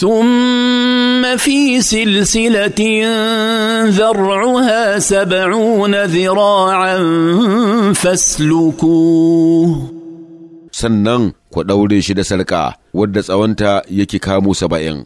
ثم في سلسلة ذرعها سبعون ذراعا فاسلكوه سنن كو دوري شدا سرقا ود يكي كامو سبعين